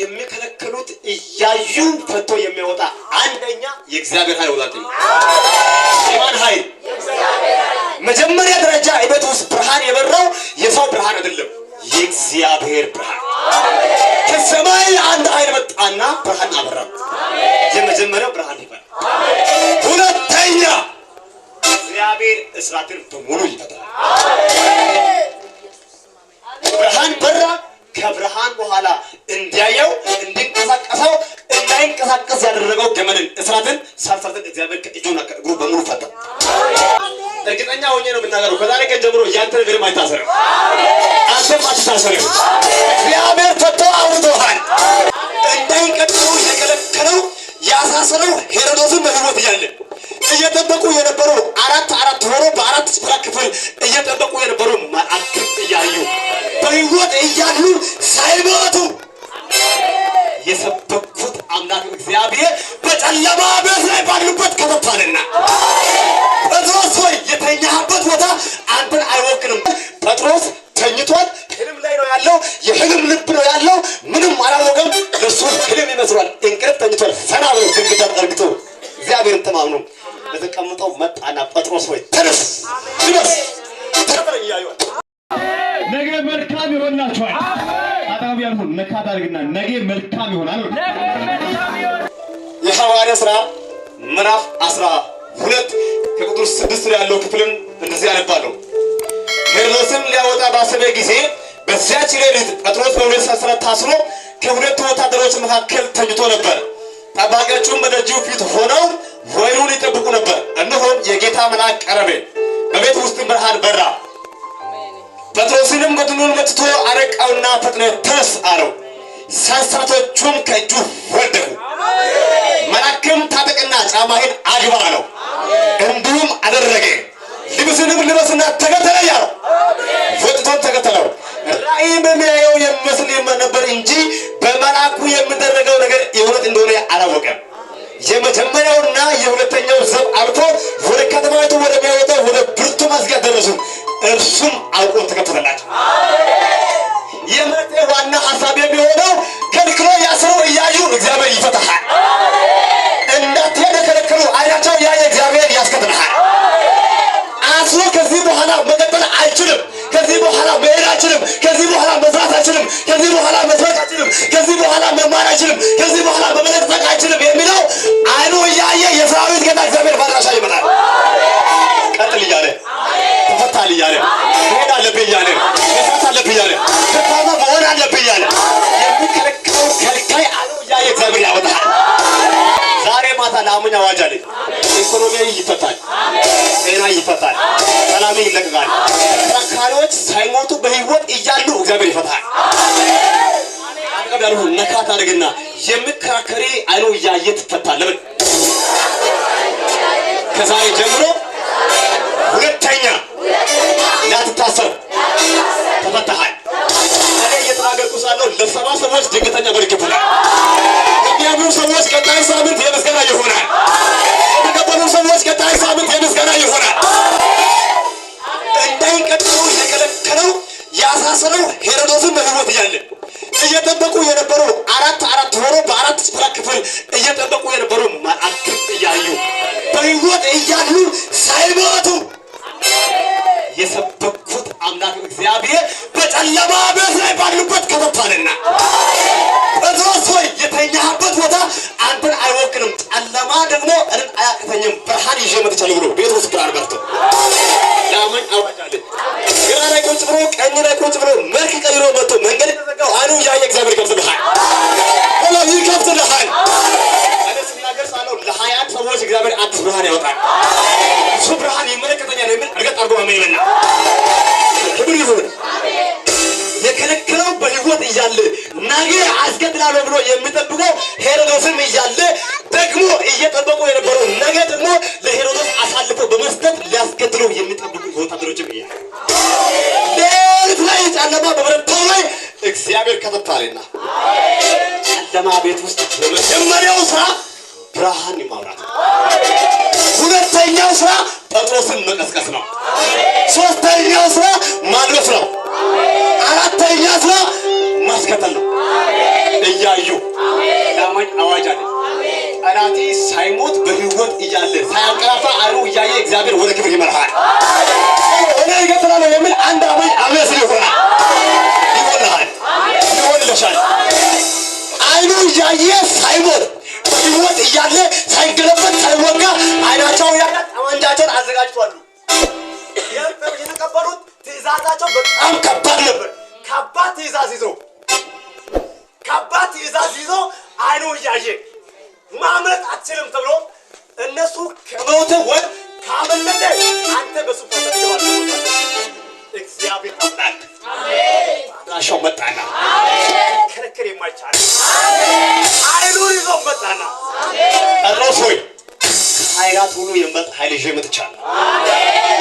የሚከለክሉት እያዩ ፈቶ የሚያወጣ አንደኛ የእግዚአብሔር ኃይል ወጣት የማን ኃይል? መጀመሪያ ደረጃ የቤት ውስጥ ብርሃን የበራው የሰው ብርሃን አይደለም፣ የእግዚአብሔር ብርሃን። ከሰማይ አንድ ኃይል መጣና ብርሃን አበራ። የመጀመሪያው ብርሃን ይበራል። ሁለተኛ እግዚአብሔር እስራትን በሙሉ ይፈታል። ደግሞ ገመድን፣ እስራትን ሳልሳትን እግዚአብሔር እጁን እግሩ በሙሉ ፈታ። እርግጠኛ ሆኜ ነው የምናገረው። ከዛሬ ቀን ጀምሮ ያንተ ነገርም አይታሰርም፣ አንተም አትታሰርም። እግዚአብሔር ፈቶ አውርዶሃል። እንዳይቀጥሉ የከለከለው ያሳሰረው ሄሮዶስን በህይወት እያለ እየጠበቁ የነበሩ አራት አራት ሆኖ በአራት ስፍራ ክፍል እየጠበቁ የነበሩ መላእክት እያዩ በህይወት እያሉ ሳይሞቱ የሰበኩ አምላክ እግዚአብሔር በጨለማ ቤት ላይ ባሉበት ከተቷልና፣ ጴጥሮስ ሆይ የተኛህበት ቦታ አንተን አይወክልም። ጴጥሮስ ተኝቷል። ህልም ላይ ነው ያለው። የህልም ልብ ነው ያለው። ምንም አላወቀም። እሱ ህልም ይመስሏል። እንቅልፍ ተኝቷል። ሰና ብሎ ግድግዳ ጠርግቶ እግዚአብሔርን ተማምኖ ለተቀምጠው መጣና ጴጥሮስ ሆይ ተነስ፣ ልበስ፣ ተቀበለኝ እያየዋል። ነገ መልካም ይሆንላችኋል። አጣቢያን ሁን ነካ ታደርግና ነገ መልካም ይሆናል። ሐዋርያ ሥራ ምዕራፍ 12 ከቁጥር 6 ያለው ክፍልን እንደዚህ አነባለሁ። ሄሮድስም ሊያወጣ ባሰበ ጊዜ በዚያች ሌሊት ጴጥሮስ በሁለት ሰንሰለት ታስሮ ከሁለቱ ወታደሮች መካከል ተኝቶ ነበር። ጠባቂዎቹም በደጁ ፊት ሆነው ወይኑን ይጠብቁ ነበር። እነሆም የጌታ መልአክ ቀረበ፣ በቤት ውስጥ ብርሃን በራ። ጴጥሮስንም ጎድኑን መትቶ አረቃውና ፈጥነ ተነስ አለው። ሰንሰለቶቹም ከእጁ ወደቁ። መልአክም ታጠቅና ጫማህን አግባ አለው። እንዲሁም አደረገ። ልብስንም ልበስና ተከተለ ያለው ወጥቶም ተከተለው። ራእይም የሚያየው የሚመስል ነበር እንጂ በመልአኩ የሚደረገው ነገር የእውነት እንደሆነ አላወቀም። የመጀመሪያውና የሁለተኛው ዘብ አብቶ ወደ ከተማይቱ ወደሚያወጣው ወደ ብርቱ መዝጊያ ደረሱ። እርሱም አውቆ ተከተለላቸው። 지금 ጋር ሁሉ ነካት አድርግና የምከራከሬ አይኖ እያየ ትፈታለምን። ከዛሬ ጀምሮ ሁለተኛ እንዳትታሰር ተፈታሃል። እኔ እየተናገርኩ ሳለሁ ለሰባ ሰዎች ድንገተኛ መልክ ይፈላል። የሚያምኑ ሰዎች ቀጣይ ሳምንት የምስጋና ይሆናል። የተቀበሉ ሰዎች ቀጣይ ሳምንት የምስጋና ይሆናል። እንዳይቀጥሉ የከለከለው ያሳሰረው ሄሮዶስ እየጠበቁ የነበሩ አራት አራት ሆኖ በአራት ስፍራ ክፍል እየጠበቁ የነበሩ መላእክት እያዩ በሕይወት እያሉ ሳይሞቱ የሰበኩት አምላክ እግዚአብሔር በጨለማ ቤት ላይ ባሉበት ከፈቷልና ጴጥሮስ ሆይ የተኛህበት ቦታ አንተን አይወክንም፣ ጨለማ ደግሞ እኔን አያቅተኝም፣ ብርሃን ይዤ መጥቻለሁ ብሎ ጴጥሮስ ግራር በርቶ ለአማኝ አዋጫለ። ግራ ላይ ቁጭ ብሎ ቀኝ ላይ ቁጭ ብሎ መልክ ቀይሮ መጥቶ ቃሉ እያየ እግዚአብሔር ይከፍትልሃል። ስለዚህ ይከፍትልሃል። እኔ ስናገር ሳለው ሰዎች እግዚአብሔር አዲስ ብርሃን ያወጣል። እሱ ብርሃን ይመለከተኛል የሚል እርግጥ አድርጎ ክብር ይሁን። የከለከለው እያለ ነገ አስገድላለሁ ብሎ የሚጠብቀው ሄሮዶስም እያለ ደግሞ እየጠበቁ የነበረው ነገ ደግሞ ለሄሮዶስ አሳልፎ በመስጠት ሊያስገድለው የሚጠብቁ ወታደሮችም እያለ ሌሊት ላይ ጨለማ ላይ እግዚአብሔር ከተታለና ጨለማ ቤት ውስጥ የመጀመሪያው ስራ ብርሃን ማውራት ነው። ሁለተኛው ስራ ጴጥሮስን መቀስቀስ ነው። ሶስተኛው ስራ ማድረስ ነው። አራተኛ ስራ ማስከተል ነው። እያዩ ላማኝ አዋጅ አለ። ጠላቴ ሳይሞት በህይወት እያለ ሳያንቀላፋ አይኑ እያየ እግዚአብሔር ወደ ክብር ይመርሃል። እያየ ሳይሞት በሕይወት እያለ ሳይገለበት ሳይወጋ አይናቸው ያለ ጠመንጃቸውን አዘጋጅቷሉ። የተቀበሉት ትእዛዛቸው በጣም ከባድ ነበር። ከባድ ትእዛዝ ይዞ ከባድ ትእዛዝ ይዞ አይኑ እያየ ማምለጥ አትችልም ተብሎ እነሱ ከሞት ወይ ካመለጠ አንተ በሱ እግዚአብሔር አምላክ አድራሻው መጣ ጸና ጴጥሮስ ሆይ ከኃይላት ሁሉ የምበልጥ ኃይል ይዤ መጥቻለሁ።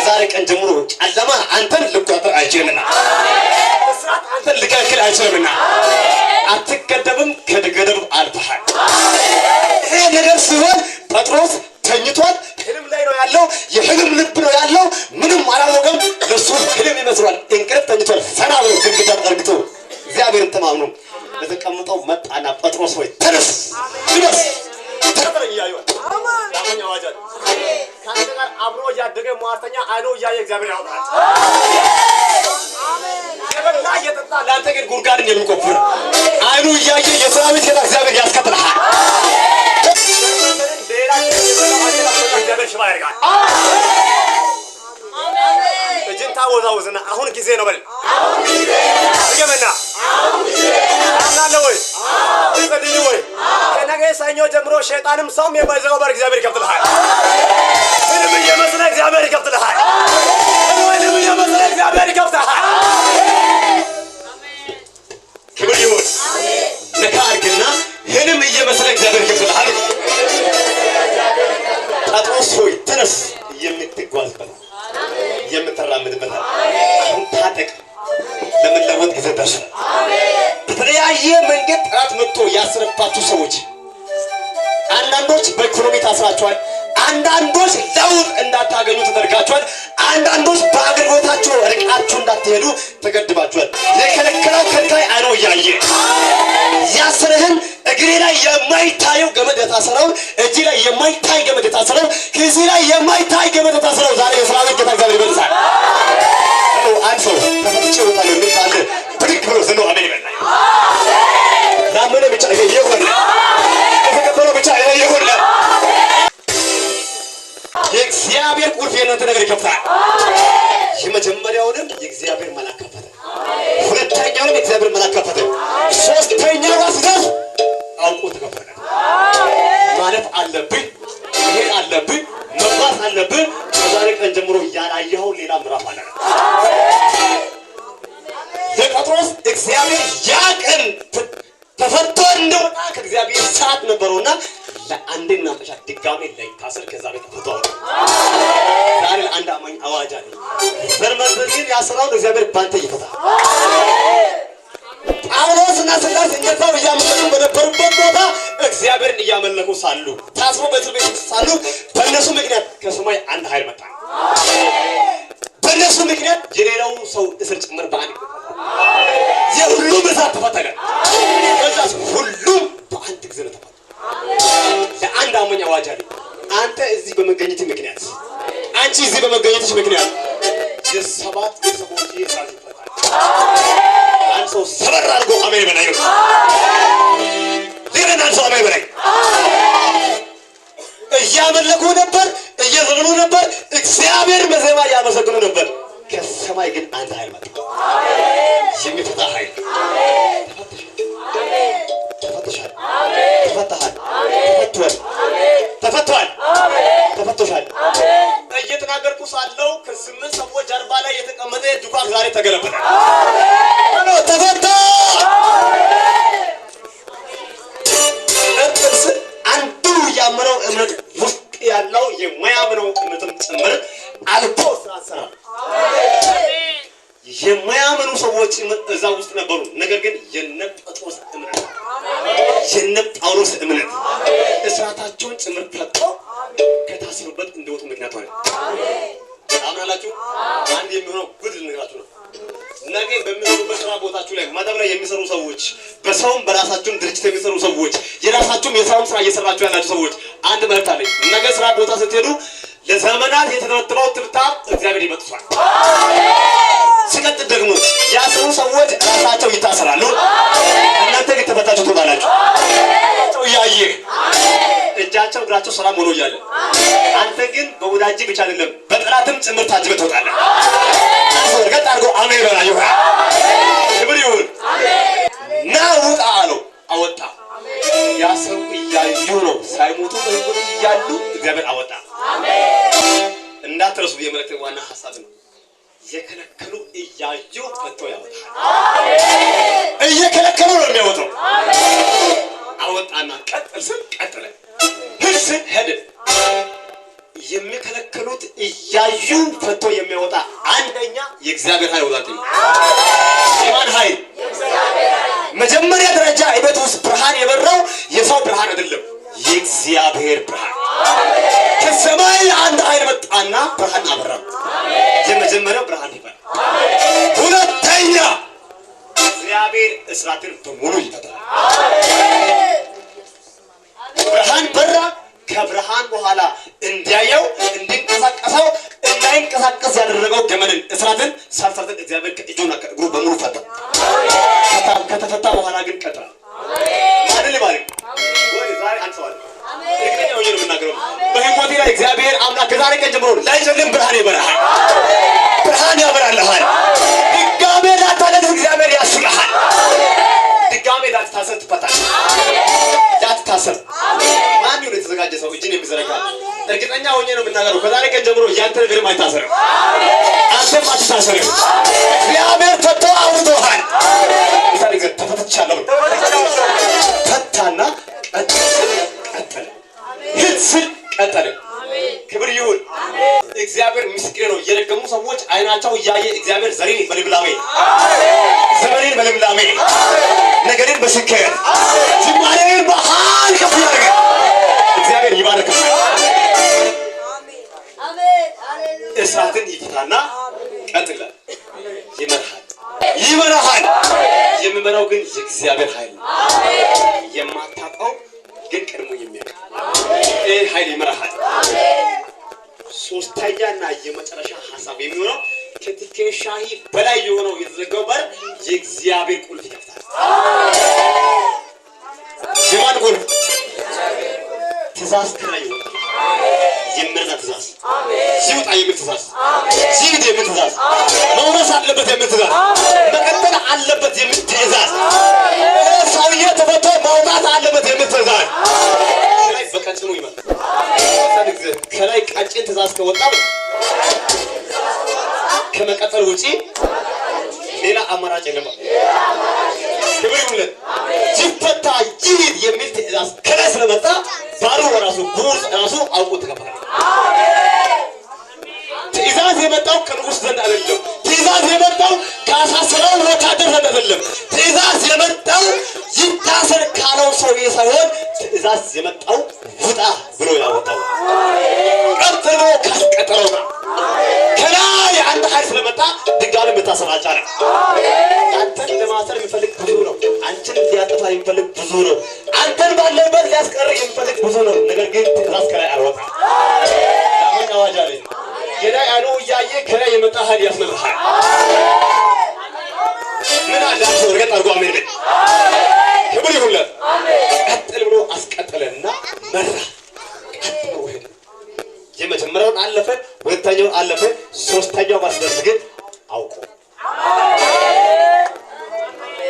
ዛሬ ቀን ጀምሮ ጨለማ አንተን ልቆጥር አይችልምና፣ እስራት አንተን ልከልክል አይችልምና፣ አትገደብም፣ ከገደብ አልፈሃል። ይሄ ነገር ሲሆን ጴጥሮስ ተኝቷል። ህልም ላይ ነው ያለው። የህልም ልብ ነው ያለው። ምንም አላወቀም። ለሱ ህልም ይመስሏል። እግዚአብሔር ያውጣል። የበላ የጠጣ ለአንተ ግን ጉድጓድን የሚቆፍር አይኑ እያየ የሰራዊት ጌታ እግዚአብሔር ያስከትልሃል። ሽባ ያደርጋል። እጅን ታወዛውዝና አሁን ጊዜ ነው በል ገመና አምናለ ወይ ወይ ከነገ ሰኞ ጀምሮ ሸይጣንም ሰውም የማይዘጋው በር እግዚአብሔር ይከፍትልሃል። ወይንም እየመስለ እግዚአብሔር ይከፍትልሃል። ወይንም እየመስለ እግዚአብሔር ይከፍትልሃል። ክብር ይሁን ነካርግና ህንም እየመስለ እግዚአብሔር ይከፍትልሃል። ጴጥሮስ ሆይ ተነስ፣ የምትጓዝበት የምትራምድበት አሁን ታጠቅ፣ ለመለወጥ ጊዜ ደርሷል። በተለያየ መንገድ ጥራት መጥቶ ያስረባችሁ ሰዎች አንዳንዶች በኢኮኖሚ ታስራችኋል። አንዳንዶች ለውጥ እንዳታገኙ ተደርጋችኋል። አንዳንዶች በአገልግሎታችሁ ርቃችሁ እንዳትሄዱ ተገድባችኋል። የከለከለው ከልካይ አይኖ እያየ ያስርህን እግሬ ላይ የማይታየው ገመድ የታሰረው እጅ ላይ የማይታይ ገመድ የታሰረው ኪስ ላይ የማይታይ ገመድ የታሰረው ዛሬ የሰራዊት ጌታ እግዚአብሔር ይመልሳል። አንድ ሰው ተፈትቼ ወጣ ቁልፍ የእናንተ ነገር ይከፍታል። የመጀመሪያውንም የእግዚአብሔር መልአክ ከፈተ። ሁለተኛውንም የእግዚአብሔር መልአክ ከፈተ። ሶስተኛው ራስ አውቆ ተከፈተ ማለት አለብኝ። ይሄ አለብኝ መባስ አለብን። ከዛሬ ቀን ጀምሮ ያላየኸውን ሌላ ምዕራፍ አለ። ለጴጥሮስ እግዚአብሔር ያ ቀን ተፈቶ እንደወጣ ከእግዚአብሔር ሰዓት ነበረውና ለአንድና መጨረሻ ድጋሜ ታስር ከዛ ቤት ተፈቶ ዛሬ ለአንድ አማኝ አዋጅ አለ። በርመርበዚህን ያሰራውን እግዚአብሔር ባንተ ይፈታል። እና ስላስ እንደዛው እያመለኩ በነበሩበት ቦታ እግዚአብሔርን እያመለኩ ሳሉ ታስሮ በእስር ቤት ሳሉ በእነሱ ምክንያት ከሰማይ አንድ ኃይል መጣ። በእነሱ ምክንያት የሌላው ሰው እስር ጭምር በአንድ የሁሉም እሳት ተፈተገ። ከዛስ ሁሉም በአንድ ጊዜ ነው ተፈተገ። ለአንድ አማኝ አዋጅ አለ። አንተ እዚህ በመገኘት ምክንያት፣ አንቺ እዚህ በመገኘትሽ ምክንያት የሰባት ቤተሰቦች እሳት ይፈታል። አንድ ሰው ሰበር አድርጎ አሜን በናዩ ሰዎች እዛ ውስጥ ነበሩ። ነገር ግን የነ ጴጥሮስ እምነት የነ ጳውሎስ እምነት እሳታቸውን ጭምር ታጠው ከታሰሩበት እንደወጡ ምክንያት ሆነ። አምናላችሁ አንድ የሚሆነው ጉድ ልነግራችሁ ነው። ነገ በሚሰሩበት ስራ ቦታችሁ ላይ ማዳብ ላይ የሚሰሩ ሰዎች፣ በሰውም በራሳችሁም ድርጅት የሚሰሩ ሰዎች፣ የራሳችሁም የሰውም ስራ እየሰራችሁ ያላችሁ ሰዎች አንድ መልዕክት አለኝ። ነገ ስራ ቦታ ስትሄዱ ለዘመናት የተተረተበው ትብታብ እግዚአብሔር ይበጥሷል። ሲቀጥል ደግሞ ያስሩ ሰዎች ራሳቸው ይታሰራሉ። እናንተ ግን ተፈታችሁ ትወጣላችሁ። እያየህ እጃቸው እግራቸው ሰላም ሆኖ እያለ አንተ ግን በወዳጅ ብቻ አይደለም በጠላትም ጭምር ታጅበ ትወጣለህ። እርግጥ አድርጎ አሜን በላ ይሆናል። ክብር ይሁን። ና ውጣ አለው። አወጣ። ያ ሰው እያዩ ነው ሳይሞቱ በህይወት እያሉ እግዚአብሔር አወጣ። እንዳትረሱ የመልእክት ዋና ሀሳብ ነው። የከለከሉ እያዩ ፈቶ ያወጣል። እየከለከሉ ነው የሚያወጣው። አወጣና ቀጥል ስን ቀጥለ ሂድ ሄድ የሚከለከሉት እያዩ ፈቶ የሚያወጣ አንደኛ የእግዚአብሔር ኃይል ወጣልኝ። የማን ኃይል? መጀመሪያ ደረጃ የቤት ውስጥ ብርሃን የበራው የሰው ብርሃን አይደለም፣ የእግዚአብሔር ብርሃን። ከሰማይ አንድ ኃይል መጣና ብርሃን አበራ። መጀመሪያው ብርሃን ይባል። ሁለተኛ እግዚአብሔር እስራትን በሙሉ ይፈጥራል። ብርሃን በራ። ከብርሃን በኋላ እንዲያየው እንዲንቀሳቀሰው እንዳይንቀሳቀስ ያደረገው ገመድን እስራትን ሳልሳትን እግዚአብሔር ከእጁና ከእግሩ በሙሉ ፈታ። ከተፈታ በኋላ ግን ቀጥራል አይደል ባሪ ወይ ዛሬ አንተዋል በህይወቴ ላይ እግዚአብሔር አምላክ ከዛሬ ቀን ጀምሮ ላይ ላይጨልም ብርሃን ይበራል። እናገረው። ከዛሬ ቀን ጀምሮ ያንተ ነገር አይታሰርም፣ አንተም አትታሰርም። እግዚአብሔር ፈቶ አውርዶሃል። ተፈትቻለሁ ፈታና ቀጠለ፣ ሂድ ስል ቀጠለ። ክብር ይሁን እግዚአብሔር ምስክሬ ነው። የደገሙ ሰዎች አይናቸው እያየ እግዚአብሔር ዘሬን በልምላሜ ዘመኔን በልምላሜ ነገሬን በስኬት ቀጥለ ይመርሃል ይመራሃል። የምመራው ግን የእግዚአብሔር ኃይል ነው። የማታውቀው ግን ቀድሞ የሚያውቅ ይህ ኃይል ይመራሃል። ሶስተኛና የመጨረሻ ሀሳብ የሚሆነው ከትከሻህ በላይ የሆነው የተዘጋው በር የእግዚአብሔር ቁልፍ ይከፍታል። የማን ቁልፍ? ትእዛዝ ከላይ ይመረጥ ትእዛዝ ይውጣ የሚል ትእዛዝ ይግድ የሚል ትእዛዝ መውረስ አለበት የሚል ትእዛዝ መቀጠል አለበት የሚል ትእዛዝ ሰውዬ ተፈቶ መውጣት አለበት የሚል ትእዛዝ ከላይ በቀጭኑ ይመጣል። ከላይ ቀጭን ትእዛዝ ከወጣ ከመቀጠል ውጪ ሌላ አማራጭ የለም። ክብር ይሁንለት። ይፈታ ይሂድ የሚል ትእዛዝ ከላይ ስለመጣ የመጣው ከንጉሥ ዘንድ አይደለም። ትእዛዝ የመጣው ከአሳ ስራው ወታደር ዘንድ አይደለም። ትእዛዝ የመጣው ይታሰር ካለው ሰውዬ ሳይሆን ትእዛዝ የመጣው ውጣ ብሎ ያወጣው ቀጥሎ ካስቀጠለው ነው። ከላይ አንድ ኃይል ስለመጣ ድጋሚ መታሰር አልቻለም። አንተን ለማሰር የሚፈልግ ብዙ ነው። አንቺን ሊያጠፋ የሚፈልግ ብዙ ነው። አንተን ባለበት ሊያስቀር የሚፈልግ ብዙ ነው። ነገር ግን ትእዛዝ ከላይ አልወጣም። እያየ ከላይ የመጣ ሀል ያስመልጥሃል። ምን አላቸው? እርገጥ አድርጎ አሜን ቤት ክብር ይሁለት ቀጥል ብሎ አስቀጠለና መራ። ቀጥሎ የመጀመሪያውን አለፈ፣ ሁለተኛውን አለፈ፣ ሶስተኛው ባስደርስ ግን አውቆ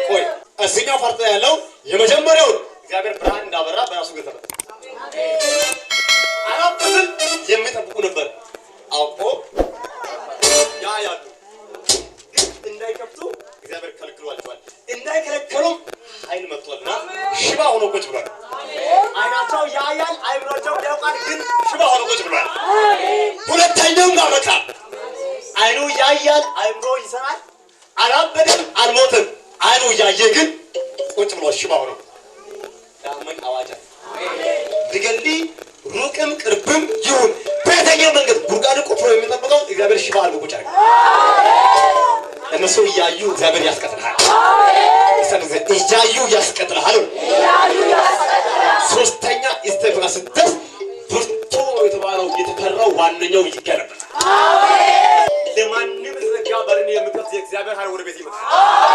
ቆይ እዚኛው ፈርጠ ያለው የመጀመሪያውን ሩቅም ቅርብም ይሁን በየትኛው መንገድ ጉድጓድ ቆፍሮ የሚጠብቀው እግዚአብሔር ሽባ አድርጎ ቁጭ አድርገው እነሱ እያዩ እግዚአብሔር ያስቀጥልሃል። እያዩ ያስቀጥልሃል። ሶስተኛ ስቴፍና ስደት ብርቱ የተባለው የተከራው ዋነኛው ይገለበል። ለማንም ዘጋ በርን የሚከፍት የእግዚአብሔር ኃይል ወደ ቤት ይመጣል።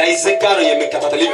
ላይዘጋ ነው የሚከፈትልኝ